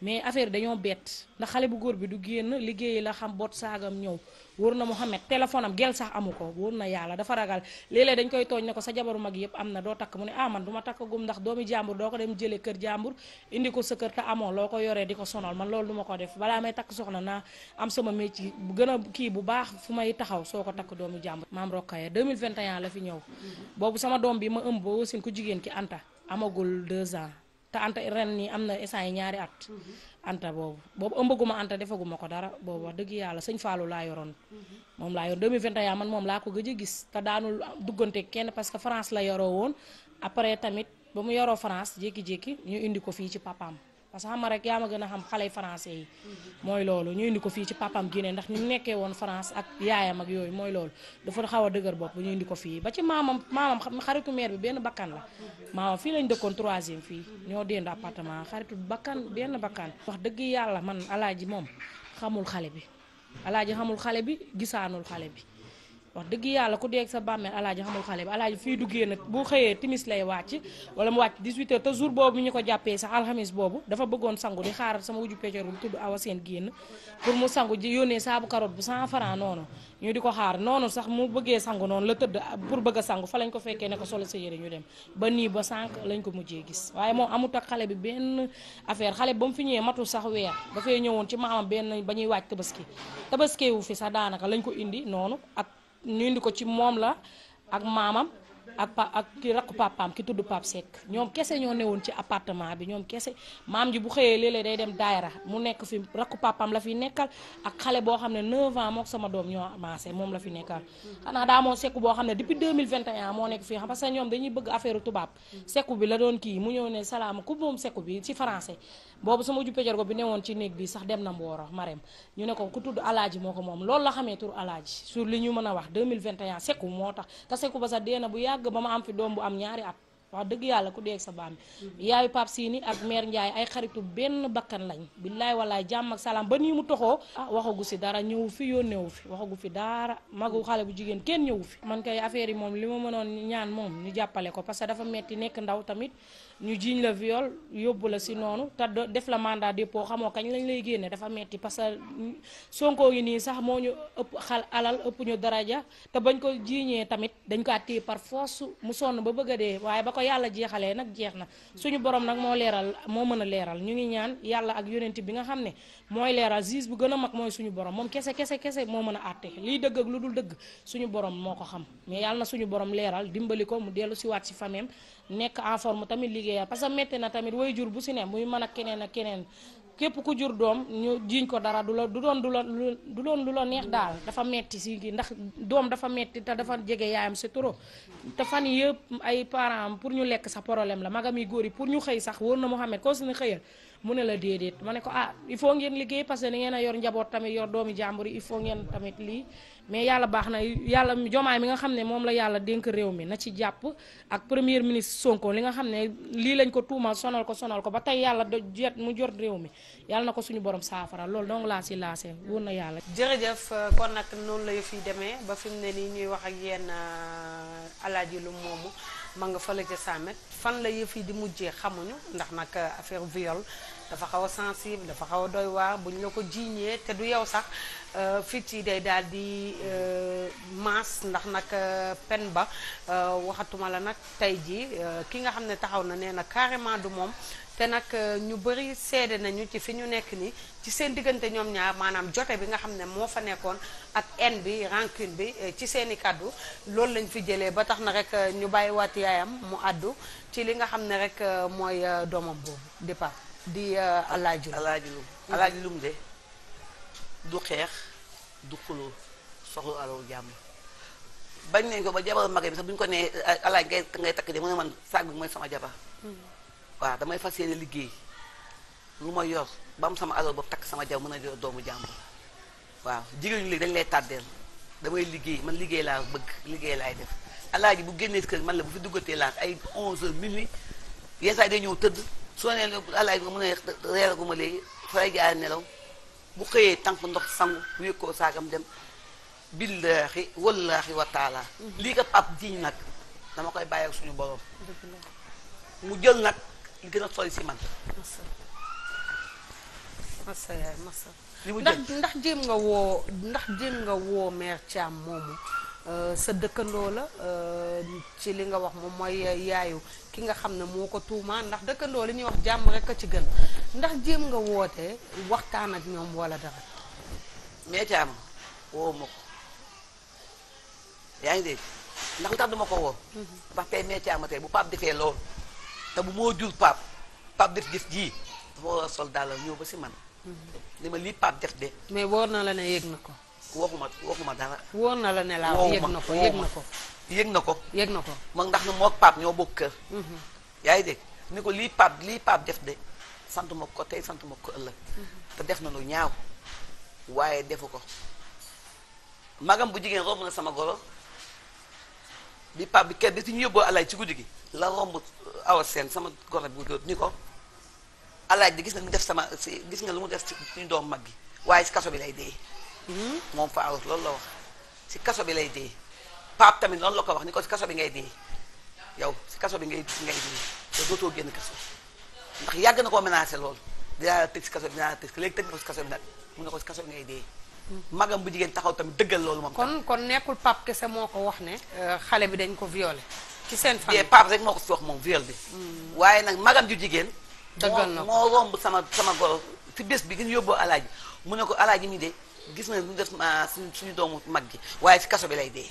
mais affaire dañoo bett ndax xale bu góor bi du génn liggéeyi la xam boot saagam ñëw wóor na Mouhamed téléphone am gel sax amu ko wóor na yàlla dafa ragal léeg dañ koy tooñ ne ko sa jabaru mag yëpp am na doo takk mu ne ah man du ma takk gum ndax doomi jàmbur doo ko dem jële kër jàmbur indi ko sa kër te amoo loo ko yoree di ko sonal man loolu duma ko def balaa may takk soxna naa am sama métier bu gën a kii bu baax fu may taxaw soo ko takk doomi jàmbur maam vingt 2021 la fi ñëw boobu sama doom bi ma ëmb boo wasin ku jigéen ki Anta amagul 2 ans te anta ren nii am na essant yi ñaari at anta boobu boobu ëmbaguma anta defaguma ko dara boobu wax dëgg yàlla sëñ Fallou laa yoroon moom laa yoroon 2021 man moom laa ko gëj a gis te daanul duggante kenn parce que France la yoroo woon après tamit ba mu yoroo France jékki-jékki ñu indi ko fii ci papaam parce que xam nga rek yaa ma gën a xam xale français yi. mooy loolu ñu indi ko fii ci papam Guinée ndax ñu nekkee woon France ak yaayam ak yooyu mooy loolu dafa xaw a dëgër bopp ñu indi ko fii ba ci maamam maamam xaritu mère bi benn bakkan la. maamam fii lañ dëkkoon troisième fii ñoo dénd appartement xaritu bakkan benn bakkan. wax dëgg yàlla man alaaji moom xamul xale bi alaaji xamul xale bi gisaanul xale bi. wax dëgg yàlla ku deeg sa bàmmeel alaaji xamul xale bi alaaji fii duggee nag bu xëyee timis lay wàcc wala mu wàcc 18 heures te jour boobu ñu ko jàppee sax alxamis boobu dafa bëggoon sangu di xaar sama wuju péccoor bu tudd awa seen génn pour mu sangu yónnee saabu carotte bu sangu la tëdd pour bëgg a sangu fa lañ ko fekkee ne ko solo sa yére ñu dem ba nii ba sànq lañ ko mujjee gis waaye moom amut ak xale bi benn affaire xale ba mu fi ñëwee matul sax weer dafay ñëwoon ci maamam ba ñuy wàcc tabaski tabaski wu fi sax daanaka ñu indi ko ci moom la ak maamam ak pa ak ki rakku papaam ki tudd Pape Seck ñoom kese ñoo newoon ci appartement bi ñoom kese maam ji bu xëyee léeg-léeg day dem daayra mu nekk fi rakku papaam la fi nekkal ak xale boo xam ne 9 ans mook sama doom ñoo amassé moom la fi nekkal. xanaa daa moo sekku boo xam ne depuis 2021 moo nekk fii xam parce que ñoom dañuy bëgg affaire tubaab. sekku bi la doon kii mu ñëw ne salaam ku moom sekku bi ci français. boobu sama ju péjor ko bi newoon ci néeg bi sax dem na mbooro marem ñu ne ko ku tudd alaaji moo ko moom loolu la xamee tur alaaji sur li ñu mën a wax 2021 seku moo tax te seku ba sax dee na bu yàgg ba ma am fi doom bu am ñaari at wax dëgg yàlla ku deeg sa baam bi mm-hmm. yaayu Pape Sini ak meer Ndiaye ay xaritu benn bakkan lañ billaay walaay jàmm ak salaam ba nii mu toxoo ah waxagu si dara ñëw fi yónnewu fi waxagu fi dara magu xale bu jigéen kenn ñëwu fi man kay affaire yi moom li ma mënoon ñaan moom ñu jàppale ko parce que dafa metti nekk ndaw tamit ñu jiiñ la viol yóbbu la si noonu te def la mandat dépôt xamoo kañ lañ lay génne dafa metti parce que Sonko ngi nii sax moo ñu ëpp xal alal ëpp ñu daraja te bañ ko jiiñee tamit dañ ko àttee par force mu sonn ba bëgg dee waaye ba ko yàlla jeexalee nag jeex na suñu borom nag moo leeral moo mën a leeral ñu ngi ñaan yàlla ak yonent bi nga xam ne mooy leeral juge bu gën a mag mooy suñu borom moom kese kese kese moo mën a àtte liy dëgg ak lu dul dëgg suñu borom moo ko xam mais yàlla na suñu borom leeral dimbali ko mu dellu siwaat si fameem nekk en forme tamit liggéeyal parce que métti na tamit way jur bu si ne muy mën ak keneen ak keneen képp ku jur doom ñu jiiñ ko dara du la du doon du la du doon du la neex daal dafa metti si ndax doom dafa metti te dafa jege yaayam c'est trop te fan yëpp ay parents am pour ñu lekk sa problème la magam yi góor yi pour ñu xëy sax wóor na Mouhamed koo si ne xëyal mu ne la déedéet ma ne ko ah il faut ngeen liggéey parce que ni ngeen a yor njaboot tamit yor doomi jàmbur yi il faut ngeen tamit lii mais yàlla baax na yàlla jomaay mi nga xam ne moom la yàlla dénk réew mi na ci jàpp ak première ministre Sonko li nga xam ne lii lañ ko tuumal sonal ko sonal ko ba tey yàlla do jot mu jot réew mi yàlla na ko suñu borom saafara loolu donc laa si laasé wóor na yàlla. jërëjëf kon nag noonu la yëf yi demee ba fi mu ne nii ñuy wax ak yenn euh, alaaji lu moomu man nga fële ca Samet fan la yëf yi di mujjee xamuñu ndax nag euh, affaire viol dafa xaw a sensible dafa xaw a doy waar buñ la ko jiiñee te du yow sax. Euh, fit yi day daal di euh, maas ndax nag euh, pen ba waxatuma la nag tey ji ki nga xam ne taxaw na nee na carrément du moom te nag ñu bëri seede nañu ci fi ñu nekk ni ci seen diggante ñoom ñaar maanaam jote bi nga xam ne moo fa nekkoon ak haine bi rancune bi ci seeni kàddu loolu lañ fi jëlee ba tax na rek ñu bàyyiwaat yaayam mu àddu ci li nga xam ne rek mooy doomam boobu di pa di Alaaji Lum Alaaji Lum de du xeex du xuloo soxlu alalu jàmm bañ nañ ko ba jabar magam sax bu ñu ko nee ah, alaaj ngay ngay takk de mu man saag bi mooy sama hmm. damay fas yéene liggéey ma yor ba am sama alal takk sama jabar mën doomu jàmbur waaw jigéen ñi léegi dañ lay tàddeel damay liggéey man liggéey laa bëgg liggéey laay bu génnee kër man la bu fi duggatee laa ay 11h minuit day ñëw tëdd soo nee alaaji mu ne reeraguma léegi nelaw bu xëyee tànk ndox sangu wékkoo saagam dem billaahi wallaahi wa taala mhm. lii ko pap jiñ nag dama koy bàyyi ak suñu borom mu jël nag li gën a sori si man masa yaay masa ndax ndax jéem nga woo ndax jéem nga woo meer Thiam moomu euh, sa dëkkandoo la euh, ci li nga wax moom mooy yaayu ki nga xam ne moo ko tuumaan ndax dëkkandoo li ñuy wax jàmm rek a ci gën ndax jéem nga woote waxtaan ak ñoom wala dara. mais jàmm woo ma ko yaa ngi dégg ndax lu duma ko woo. Mhm. ndax tey mais jàmm tey bu Pape defee lool te bu moo jur Pape Pape def gis ji dafa war a sol daal ñëw ba si man. li mhm. ma lii Pape def de. mais wóor na la ne yëg na ko. waxuma waxuma dara. wóor na la ne laa yëg na ko yëg na ko. yëg na ko yëg na ko mag ndax na moo ak ñoo bokk kër mhm. yaa ngi dégg ni ko lii Pape lii Pape def de sant ma ko tey sant ma ko ëllëg mhm. te def na lu ñaaw waaye defu ko magam bu jigéen romb na sama goro bi Pape bi kër bi si ñu yóbboo alaaj ci guddi gi la romb uh, awa seen sama goro bu góor ni ko alaaj di gis nga mu def sama si gis nga lu mu def ci ñu doom mag gi waaye si bi lay dee mhm. moom fa awut loolu la wax si kaso bi lay dee pape tamit loolu la ko wax ni ko si kaso bi ngay dee yow si kaso bi ngay ngay dee te dootoo génn kaso ndax yàgg na koo menacé loolu dinaa la tëj si kaso bi dinaa la tëj léegi tëj na ko si kaso bi nag mun na ko si kaso bi ngay dee magam bu jigéen taxaw tamit dëggal loolu moom kon kon nekkul pape kese moo ko wax ne euh, xale bi dañ ko violé ci seen famille pape rek moo ko si wax moom viol bi hmm. waaye nag magam ju jigéen dëggal na moo romb sama sama goro si bés bi gën yóbboo alaaji mu ne ko alaaji mi de gis na lu def ah, suñu doomu mag gi waaye si kaso bi lay dee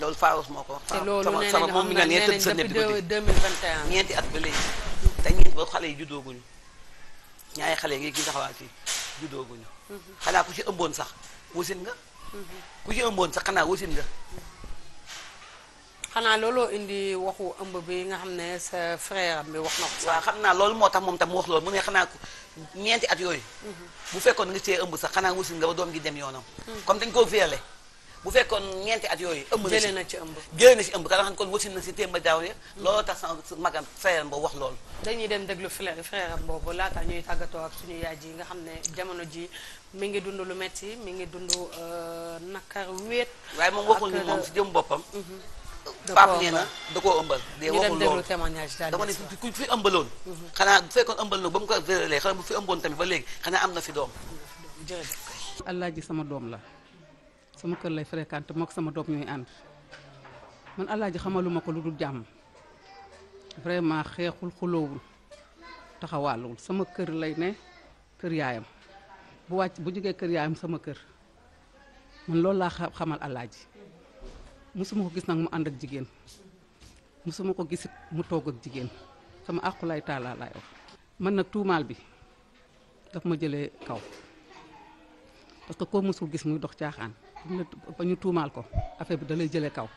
loolu Farouz moo ko wax. te loolu nee nañu moom mi nga nee tëdd sa neppi guddi ñeenti at ba léegi te ñeenti boobu xale yi juddooguñu ñaari xale yi ngi taxawaat fii juddooguñu. Mhm. xanaa ku ci ëmboon sax wasin nga. Mhm. ku ci ëmboon sax xanaa wasin nga. xanaa looloo indi waxu ëmb bi nga xam ne sa frère am bi wax na ko. waaw xam naa loolu moo tax moom tam mu wax loolu mu ne xanaa ñeenti at yooyu. Mhm. bu fekkoon nga see ëmb sax xanaa wasin nga ba doom gi dem yoonam. comme dañ koo violé. bu fekkoon ñeenti ak yooyu ëmb jëlee na ci ëmb jëlee na ci ëmb ka na xam kon wasin na si téemba daaw ya looloo tax sa magam frère boobu wax loolu dañuy dem déglu frère frère boobu laata ñuy tàggatoo ak suñu yaay ji nga xam ne jamono ji mi ngi dund lu metti mi ngi dund euh, nakar wéet waaye moom waxul ni moom euh, si jëm boppam mhm. euh, paap nee na da koo ëmbal de waxul loolu dama ne ku fi ëmbaloon mhm. xanaa bu fekkoon ëmbal nag ba mu ko véralee xanaa bu fi ëmboon tamit ba léegi xanaa am na fi doom jërëjëf allah ji sama doom la sama kër lay fréquenté mook sama doom ñooy ànd man alaaji xamaluma ko lu dul jàmm vraiment xeexul xuloowul taxawàlluwul sama kër lay ne kër yaayam bu wàcc bu jógee kër yaayam sama kër man loolu laa xamal alaaji mosuma ko gis nag mu ànd ak jigéen mosuma ko gis mu toog ak jigéen sama àqulaay taalaa laay wax nag tuumaal bi daf ma jëlee kaw parce que koo mosul gis muy dox caaxaan ñu tuumaal ko affaire bi dalay lay kaw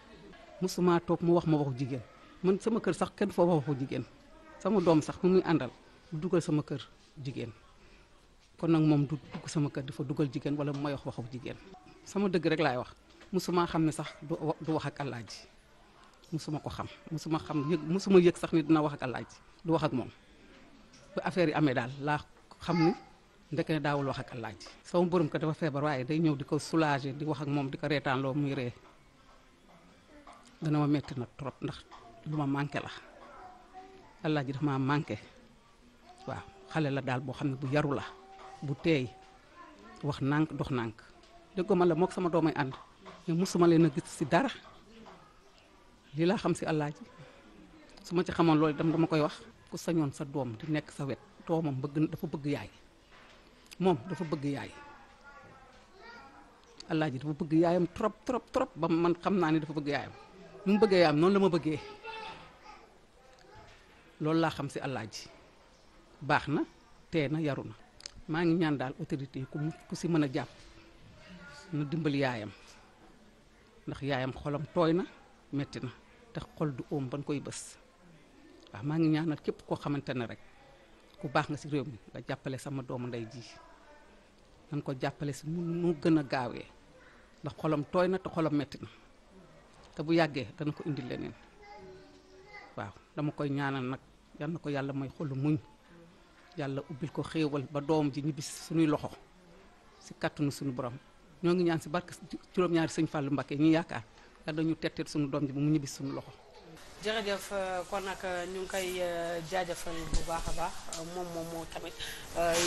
musuma toog mu wax ma waxu jigéen man sama kër sax kenn foo waxu jigéen sama doom sax mu muy àndal dugal sama kër jigéen kon nag moom du dugg sama kër dafa dugal jigéen wala bu may wax waxu jigéen sama dëgg rek laay wax musuma xam ne sax du wax ak àllaaji musuma ko xam musuma xam yëg musuma yëg sax ni dina wax ak àllaaji du wax ak moom bu affaire yi amee daal laa xam ni ndeke ne daawul wax ak laaj sama borom ko dafa feebar waaye day ñëw di ko soulager di wax ak moom di ko reetaanloo muy ree dana ma metti nag trop ndax lu ma manqué la alaaji dafa ma manqué waaw xale la daal boo xam ne bu yaru la bu teey wax nànk dox nànk déggoo man la mook sama doomay ànd mais mësuma leen a gis si dara lii laa xam si alaaji su ma ci xamoon loolu dam dama koy wax ku sañoon sa doom di nekk sa wet doomam bëgg dafa bëgg yaay moom dafa bëgg yaay Alaaji dafa bëgg yaayam trop trop trop ba man xam naa ne dafa bëgg yaayam ni mu bëggee yaayam noonu la ma bëggee loolu laa xam si Alaaji baax na tee na yaru na maa ngi ñaan daal autorité yi ku ku si mën a jàpp na dimbali yaayam ndax yaayam xolam tooy na metti na te xol du oom ban koy bës waaw maa ngi ñaanal képp koo xamante ne rek ku baax nga si réew mi nga jàppale sama doomu nday ji nañ ko jàppale si mu mu gën a gaawee ndax xolam tooy na te xolam metti na te bu yàggee dana ko indi leneen waaw dama koy ñaanal nag yal ko yàlla may xolu muñ yàlla ubbil ko xéewal ba doom ji ñibbis suñuy loxo si kàttanu suñu borom ñoo ngi ñaan si barke juróom-ñaari sëñ fàllu mbakke ñi yaakaar yàlla ñu tetteet suñu doom ji ba mu ñibbi suñu loxo jërëjëf euh, kon nag euh, ñu ngi koy euh, jaajëfal bu baax a baax moom moom moom tamit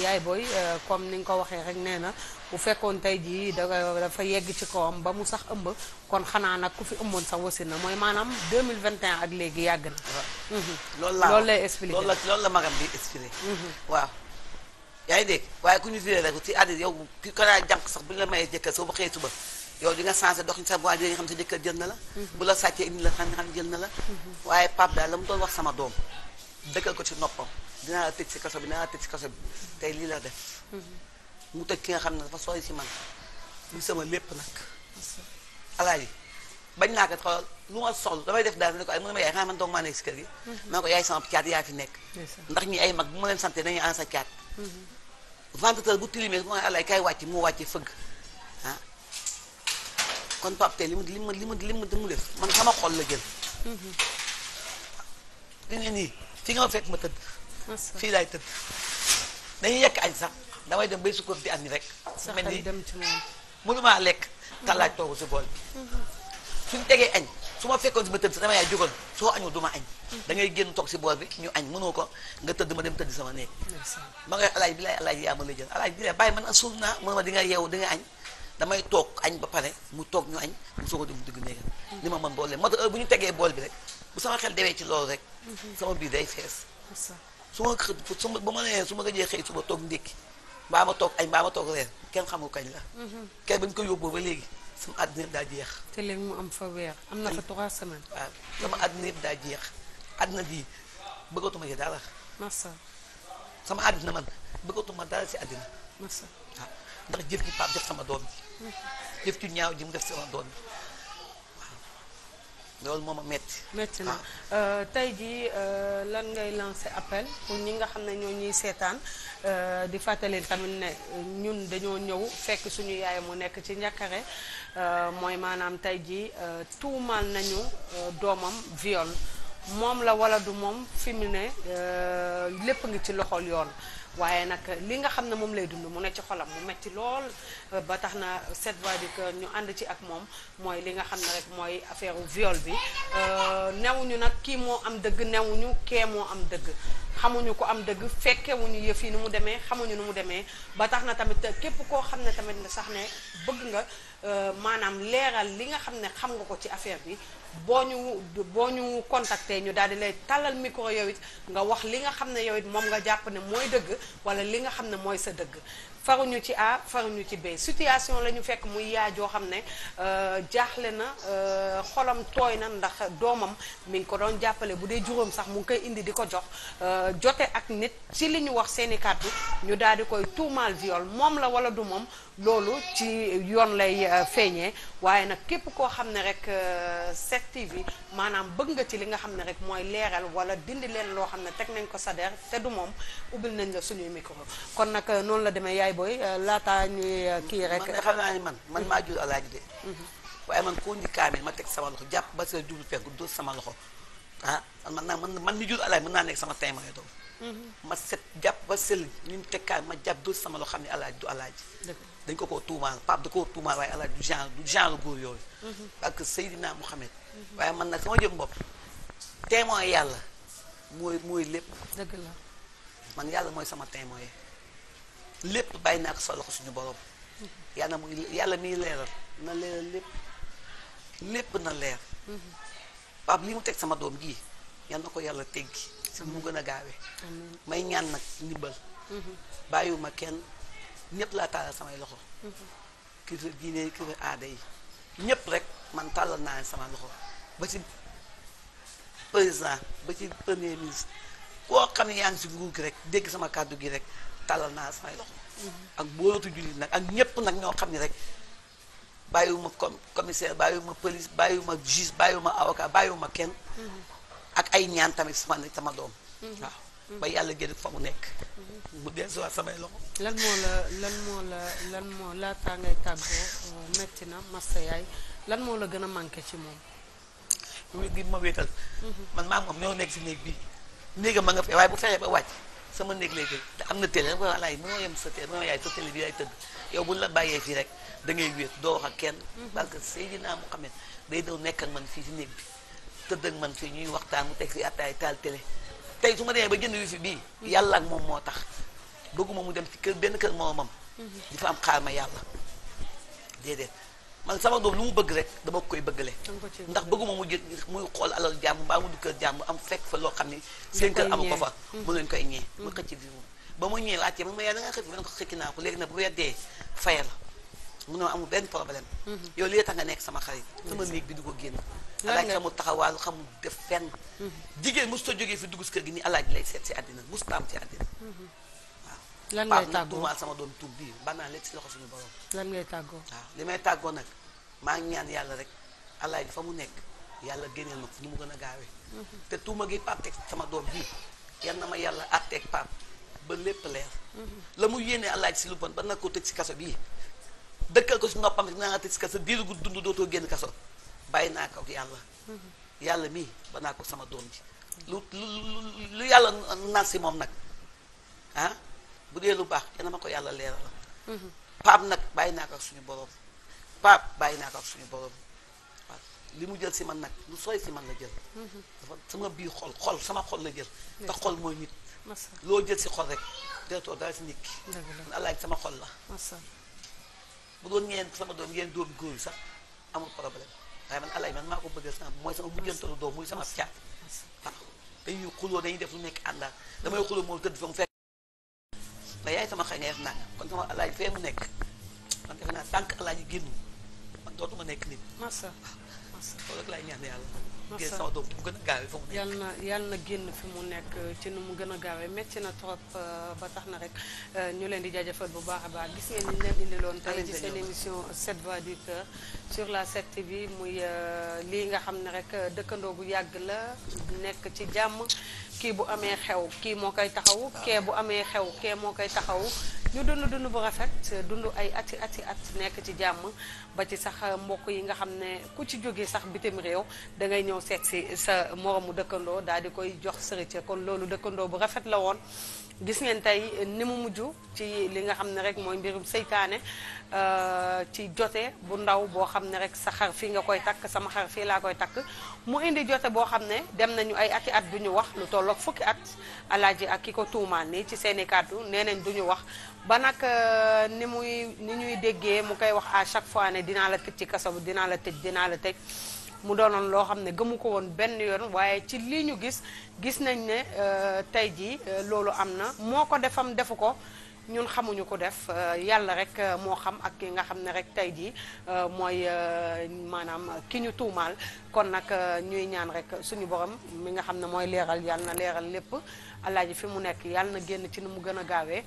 yaay booy comme ni nga ko waxee rek nee na bu fekkoon tey jii da dafa yegg ci kawam ba mu sax ëmb kon xanaa nag ku fi ëmboon sax wasin na mooy maanaam 2021 ak léegi yàgg na. Mhm. loolu la loolu lay expliqué loolu la loolu la magam di expliqué. Mhm. waaw. yaa ngi dégg waaye ku ñu viré rek ci àddina yow ki ko daa sax bu ñu la mayee jëkkër soo ba xëyee suba. yow di nga changé doxin sa waajur xam sa jëkkër jël na la mhm. bu la sàccee indi la xam nga xam jël na la mhm. waaye pap daal la mu doon wax sama doom dëkkal ko ci noppam dinaa la tëj si kaso bi dinaa si kaso bi tey lii la def mhm. mu tëj ki nga xam ne dafa sooy si man mu sama lépp nag alaaji bañ naa ko xool lu ma soxla damay def daal ne ko ay mu ne ma yaay xanaa man doog maa nekk si kër gi ma ne ko yaay sama caat yaa fi nekk ndax ñi ay mag bu ma leen sante dañuy an sa caat vendeur bu tilimee bu ma alaay kay wàcc mu wàcce fëgg kon Pape tey li mu li mu li mu li mu def man sama xol la jël. li ne mm-hmm. nii fii nga ma fekk ma tëdd. fii laay tëdd dañuy yekk añ sax damay dem bay sukkoon di añ rek. mel ni mënumaa lekk. Mm-hmm. talaaj toogu si bool bi. Mm-hmm. suñ tegee añ su ma fekkoon si ma tëdd sax dama yaay jógal soo añoo du ma añ. da ngay génn toog si bool bi ñu añ mënoo ko nga tëdd ma dem tëdd sama néeg. ma ngay alaaj bi laay alaaj yaa ma la jël alaaj bi laay bàyyi man a suuf naa mënuma di nga yeewu di nga añ. damay toog añ ba pare mu toog ñu añ mu soog a dem dugg néegam li ma mën boole moo tax bu ñu tegee bool bi rek bu sama xel dewee ci loolu rek mhm. sama biir day fees su ma xëy su ma ba ma nee su ma toog ndékki mbaa ma toog añ ma toog reer kenn xamul kañ la mhm. kenn ko yóbboo ba léegi sama àddina yëpp daa jeex te léegi mu am fa weer am na fa trois semaines waaw sama àddina yëpp daa jeex àddina bii bëggatuma yi dara masa sama àddina man bëggatuma daal si àddina ndax jëf ji Pape def sama doom ji jëf ju ñaaw ji mu def sama doom ji loolu moom a métti. métti na ah. euh, tey jii euh, lan ngay lancer appel pour ñi nga xam ne ñoo ñuy seetaan euh, di fàttalee tamit ne ñun dañoo ñëw fekk suñu yaay mu nekk ci njàkkare mooy maanaam tey jii tuumaal nañu doomam viol moom la wala du moom fi mu ne lépp ngi ci loxol yoon. waaye nag li nga xam ne moom lay dund mu ne ci xolam mu metti lool ba tax na cette fois di que ñu ànd ci ak moom mooy li nga xam ne rek mooy affaire viol bi euh, newuñu nag kii moo am dëgg newuñu kee moo am dëgg xamuñu ko am dëgg fekkewuñu yëf yi nu mu demee xamuñu nu mu demee ba tax na tamit képp koo xam ne tamit sax ne bëgg nga euh, maanaam leeral li nga xam ne xam nga ko ci affaire bi boo ñu boo ñu contacté ñu daal di lay tàllal micro yow it nga wax li nga xam ne yow it moom nga jàpp ne mooy dëgg wala li nga xam ne mooy sa dëgg faruñu ci A faruñu ci B situation la ñu fekk muy yaay joo xam ne euh, jaaxle na euh, xolam tooy na ndax doomam mi ngi ko doon jàppale bu dee juróom sax mu ngi koy indi di ko jox euh, jote ak nit ci li ñu wax seeni kàddu ñu daal di koy tuumaal viol moom la wala du moom loolu ci yoon lay euh, feeñee waaye nag képp koo xam ne rek 7TV euh, maanaam bëgg nga ci li nga xam ne rek mooy leeral wala dindi leen loo xam ne teg nañ ko sa der te du moom ubbil nañ la suñuy micro kon nag euh, noonu la demee yaay booy laata ñuy kii rek. man xam naa ni man man maa jur alaaji de. Mm-hmm. waaye man koo indi ma teg sama jàpp ba sa jublu fekk sama loxo ah man naa man man mi jur alaaji mën naa nekk sama tey ma mm-hmm. ma set jàpp ba sël ñu teg kaamil ma jàpp dóor sama loxo xam ne alaaji du alaaji. dañ ko koo tuumaal Pape da koo tuumaal waaye allah du genre du genre góor yooyu. Mhm. parce que Seydina Mohamed. Mhm. waaye man nag sama jëm bopp. témoin yàlla mooy mooy lépp. man yàlla mooy sama témoin lépp bàyyi naa ko solo loxo suñu borom. Mhm. yàlla muy yàlla miy leeral na leeral lépp lépp na leer. Pape li mu teg sama doom gi yal na ko yàlla teggi. si mu gën a gaawee. may ñaan nag ndimbal. bàyyiwuma kenn. ñëpp laa tàllal samay loxo kilifa diine yi kilifa aada yi ñëpp rek man tàllal naa sama loxo ba ci président ba ci premier ministre koo xam ne yaa ngi si nguur gi rek dégg sama kàddu gi rek tàllal naa samay loxo ak mboolootu jullit nag ak ñëpp nag ñoo xam ni rek bàyyiwuma commissaire bàyyiwuma police bàyyiwuma juge bàyyiwuma avocat bàyyiwuma kenn mm-hmm. ak ay ñaan tamit sama sama doom mm-hmm. waaw ba yàlla jël fa mu nekk mu dee si samay loxo. lan moo la lan moo la lan moo laataa ngay tàggoo euh, metti na Massa yaay lan moo la gën a manqué ci moom. wéet gi ma wéetal. Mhm. man maa moom ñoo nekk si néeg bi néegam ma nga fee waaye bu fexee ba wàcc sama néeg lay te am na télé rek walaay mënoo yem sa télé mënoo sa télé bi yaay tëdd yow bu la bàyyee fii rek da ngay doo wax ak kenn. Mhm. parce que Seydina Mouhamed day daw nekk ak man fii si néeg bi tëdd ak man fii ñuy waxtaan mu teg fi attaay taal tey su ma demee ba jënd wifi bii yàlla ak moom moo tax bëgguma mu dem ci kër benn kër moomam mhm. di fa am xaar ma yàlla déedéet man sama doom lu mu bëgg rek dama koy bëggale ndax bëgguma mu jël muy xool alal jàmm mbaa mu du kër jàmm am fekk fa loo xam ni seen kër amu ko fa mu leen koy ñee mhm. mu xëcc bi moom ba mu ñëwee wàccee man ma yàlla da nga xëcc ma ne ko xëcc naa ko léegi nag bu weddee faya la mu ne ma amul benn problème mhm. yow li tax nga nekk sama xarit mhm. sama néeg bi du ko génn alaaj xamul taxawaalu xamul def fenn mhm. jigéen mos ta jógee fi dugg si kër gi ni alaaj lay seet si àddina mos taam ci àddina lan ngay tàggoo duumaal sama doom tuub bii banaan lekk si loxo suñu borom lan ngay tàggoo waaw li may tàggoo nag maa ñaan yàlla rek alaaj fa mu nekk yàlla génneel ma ko nu mu gën a gaawee te tuuma gi Pape teg sama doom bii yal na ma yàlla àtteeg Pape ba lépp leer la mu yéene alaaj si lu bon ba nag ko tëj si kaso bii dëkkal ko si noppam rek naa nga tëj si kaso diiru gu dund dootoo génn kaso bàyyi naa ko ak yàlla mhm. yàlla mii ba naa ko sama doom ji lu lu lu yàlla naan si moom nag ah bu dee lu baax yana ma ko yàlla leeral la mhm. paap nag bàyyi naa ko ak suñu boroom paap bàyyi naa ko ak suñu boroom li mu jël si man nag lu sooy si man la jël mhm. sama biir xol xol sama xol la jël te xol mooy nit loo jël si xol rek deetoo dara si nit ki man sama xol la bu doon ngeen sama doom ngeen doom góor sax amul problème waaye man alay man maa ko bëgg sama mooy sama mujjantalu doom muy sama caat waaw dañuy xuloo dañuy def lu nekk àndaal damay xuloo moom tëdd fa mu fekk ndax yaay sama xañeef naa kon sama alay fee mu nekk man defe naa tànk alay yi génn man dootuma nekk nit. macha allah macha allah loolu rek laay ñaan yàlla. te sama doom mu gën a gaawee fa mu yal na génn fi mu nekk ci nu mu gën a gaawee métti na trop euh, ba tax na rek euh, ñu leen di jaajëfal bu baax a baax gis ngeen ni ñu leen indiloon tey ci seen émission 7 voix du sur la 7 bi muy euh, lii nga xam ne rek dëkkandoo bu yàgg la nekk ci jàmm. kii bu amee xew kii moo koy taxawu kee bu amee xew kee moo koy taxawu ñu dund dund bu rafet dund ay ati ati at nekk ci jàmm ba ci sax mbokk yi nga xam ne ku ci jóge sax bitim réew da ngay ñëw seet si sa moromu dëkkandoo daal di koy jox sërite kon loolu dëkkandoo bu rafet la woon gis ngeen tey ni mu mujj ci li nga xam ne rek mooy mbirum seytaane euh, ci jote bu ndaw boo xam ne rek sa xar fii nga koy takk sama xar fii laa koy takk mu indi jote boo xam ne dem nañu ay ati at duñu wax lu tolloog fukki at alaaji ak ki ko tuumaan nii ci seeni kàddu nee nañ duñu wax ba nag euh, ni muy ni ñuy déggee mu koy wax à chaque fois ne dinaa la tëj ci kaso dinaa la tëj dinaa la tëj mu doonoon loo xam ne gëmu ko woon benn yoon waaye ci lii ñu gis gis nañ ne euh, tey jii euh, loolu am na moo ko defam defu ko ñun xamuñu ko def euh, yàlla rek moo xam ak ki nga xam ne rek tey jii mooy maanaam ki ñu tuumaal kon nag ñuy ñaan rek suñu borom mi nga xam ne mooy leeral yàlla na leeral lépp alaaji fi mu nekk yàlla na génn ci nu mu gën a gaawee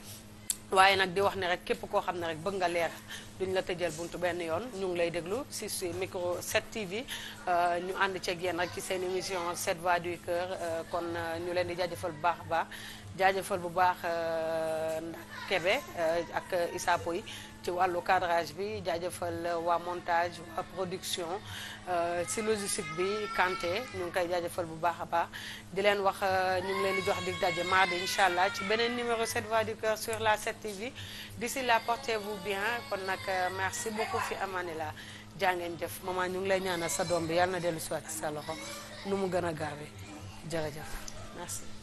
waaye nag di wax ne rek képp koo xam ne rek bëgg nga leer duñ la tëjal bunt benn yoon ñu ngi lay déglu si si micro 7 TV euh, ñu ànd ceeg yéen rek ci seen émission 7 voix du kër euh, kon euh, ñu leen di jaajëfal bu baax a baax. jaajëfal bu baax euh, Kébé euh, ak Isapo yi ci wàllu cadrage bi jaajëfal waa montage waa production si euh, logistique bi Kanté ñu ngi koy jaajëfal bu baax a baax di leen wax ñu ngi leen di jox di daje mardi incha allah ci beneen numéro 7 voix du cœur sur la 7 TV si là portez-vous bien kon nag merci beaucoup fi amaani la jàngeen ngeen jëf maman ñu ngi lay ñaanal sa doom bi yàlla na dellu si waat ci sa loxo nu mu gën a gaawee jërëjëf merci.